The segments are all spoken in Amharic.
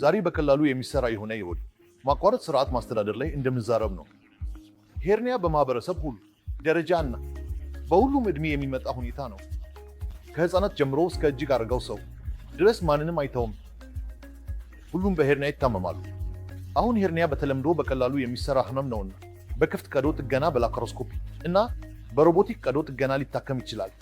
ዛሬ በቀላሉ የሚሰራ የሆነ የሆድ ማቋረጥ ስርዓት ማስተዳደር ላይ እንደምንዛረብ ነው። ሄርኒያ በማህበረሰብ ሁሉ ደረጃና በሁሉም እድሜ የሚመጣ ሁኔታ ነው። ከህፃናት ጀምሮ እስከ እጅግ አረጋው ሰው ድረስ ማንንም አይተውም። ሁሉም በሄርኒያ ይታመማሉ። አሁን ሄርኒያ በተለምዶ በቀላሉ የሚሰራ ህመም ነውና በክፍት ቀዶ ጥገና፣ በላፓሮስኮፒ እና በሮቦቲክ ቀዶ ጥገና ሊታከም ይችላል።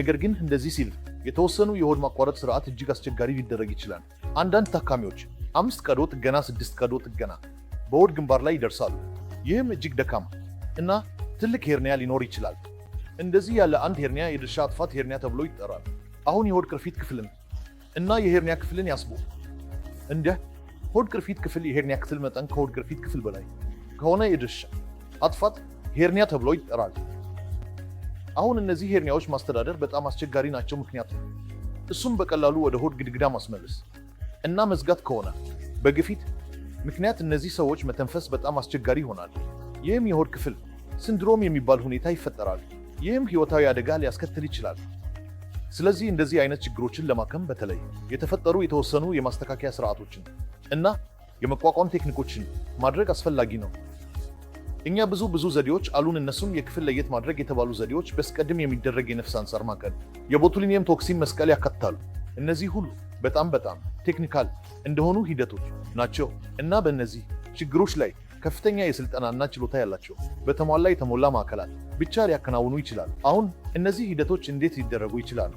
ነገር ግን እንደዚህ ሲል የተወሰኑ የሆድ ማቋረጥ ስርዓት እጅግ አስቸጋሪ ሊደረግ ይችላል። አንዳንድ ታካሚዎች አምስት ቀዶ ጥገና፣ ስድስት ቀዶ ጥገና በሆድ ግንባር ላይ ይደርሳሉ። ይህም እጅግ ደካማ እና ትልቅ ሄርኒያ ሊኖር ይችላል። እንደዚህ ያለ አንድ ሄርኒያ የድርሻ አጥፋት ሄርኒያ ተብሎ ይጠራል። አሁን የሆድ ቅርፊት ክፍልን እና የሄርኒያ ክፍልን ያስቡ። እንደ ሆድ ቅርፊት ክፍል የሄርኒያ ክፍል መጠን ከሆድ ቅርፊት ክፍል በላይ ከሆነ የድርሻ አጥፋት ሄርኒያ ተብሎ ይጠራል። አሁን እነዚህ ሄርኒያዎች ማስተዳደር በጣም አስቸጋሪ ናቸው። ምክንያቱ እሱም በቀላሉ ወደ ሆድ ግድግዳ ማስመለስ እና መዝጋት ከሆነ በግፊት ምክንያት እነዚህ ሰዎች መተንፈስ በጣም አስቸጋሪ ይሆናል። ይህም የሆድ ክፍል ሲንድሮም የሚባል ሁኔታ ይፈጠራል። ይህም ህይወታዊ አደጋ ሊያስከትል ይችላል። ስለዚህ እንደዚህ አይነት ችግሮችን ለማከም በተለይ የተፈጠሩ የተወሰኑ የማስተካከያ ስርዓቶችን እና የመቋቋም ቴክኒኮችን ማድረግ አስፈላጊ ነው። እኛ ብዙ ብዙ ዘዴዎች አሉን። እነሱም የክፍል ለየት ማድረግ የተባሉ ዘዴዎች፣ በስቀድም የሚደረግ የነፍስ አንጻር ማቀድ፣ የቦቱሊኒየም ቶክሲን መስቀል ያካትታሉ። እነዚህ ሁሉ በጣም በጣም ቴክኒካል እንደሆኑ ሂደቶች ናቸው እና በእነዚህ ችግሮች ላይ ከፍተኛ የስልጠናና ችሎታ ያላቸው በተሟላ የተሞላ ማዕከላት ብቻ ሊያከናውኑ ይችላል። አሁን እነዚህ ሂደቶች እንዴት ሊደረጉ ይችላሉ?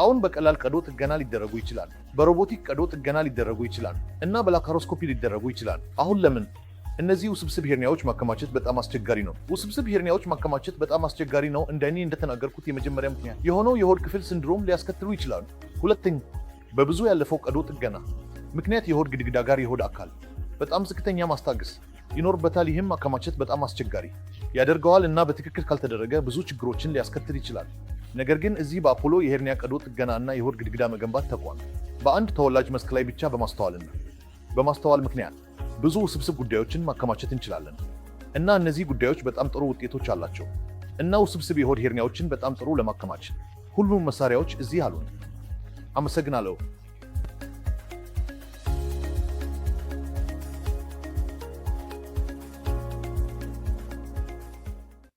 አሁን በቀላል ቀዶ ጥገና ሊደረጉ ይችላል። በሮቦቲክ ቀዶ ጥገና ሊደረጉ ይችላል እና በላፓሮስኮፒ ሊደረጉ ይችላል። አሁን ለምን እነዚህ ውስብስብ ሄርኒያዎች ማከማቸት በጣም አስቸጋሪ ነው። ውስብስብ ሄርኒያዎች ማከማቸት በጣም አስቸጋሪ ነው። እንደኔ እንደተናገርኩት የመጀመሪያ ምክንያት የሆነው የሆድ ክፍል ሲንድሮም ሊያስከትሉ ይችላሉ። ሁለተኛ በብዙ ያለፈው ቀዶ ጥገና ምክንያት የሆድ ግድግዳ ጋር የሆድ አካል በጣም ዝቅተኛ ማስታገስ ይኖርበታል። ይህም ማከማቸት በጣም አስቸጋሪ ያደርገዋል እና በትክክል ካልተደረገ ብዙ ችግሮችን ሊያስከትል ይችላል። ነገር ግን እዚህ በአፖሎ የሄርኒያ ቀዶ ጥገና እና የሆድ ግድግዳ መገንባት ተቋም በአንድ ተወላጅ መስክ ላይ ብቻ በማስተዋልና በማስተዋል ምክንያት ብዙ ውስብስብ ጉዳዮችን ማከማቸት እንችላለን እና እነዚህ ጉዳዮች በጣም ጥሩ ውጤቶች አላቸው እና ውስብስብ የሆድ ሄርኒያዎችን በጣም ጥሩ ለማከማቸት ሁሉም መሳሪያዎች እዚህ አሉን። አመሰግናለሁ።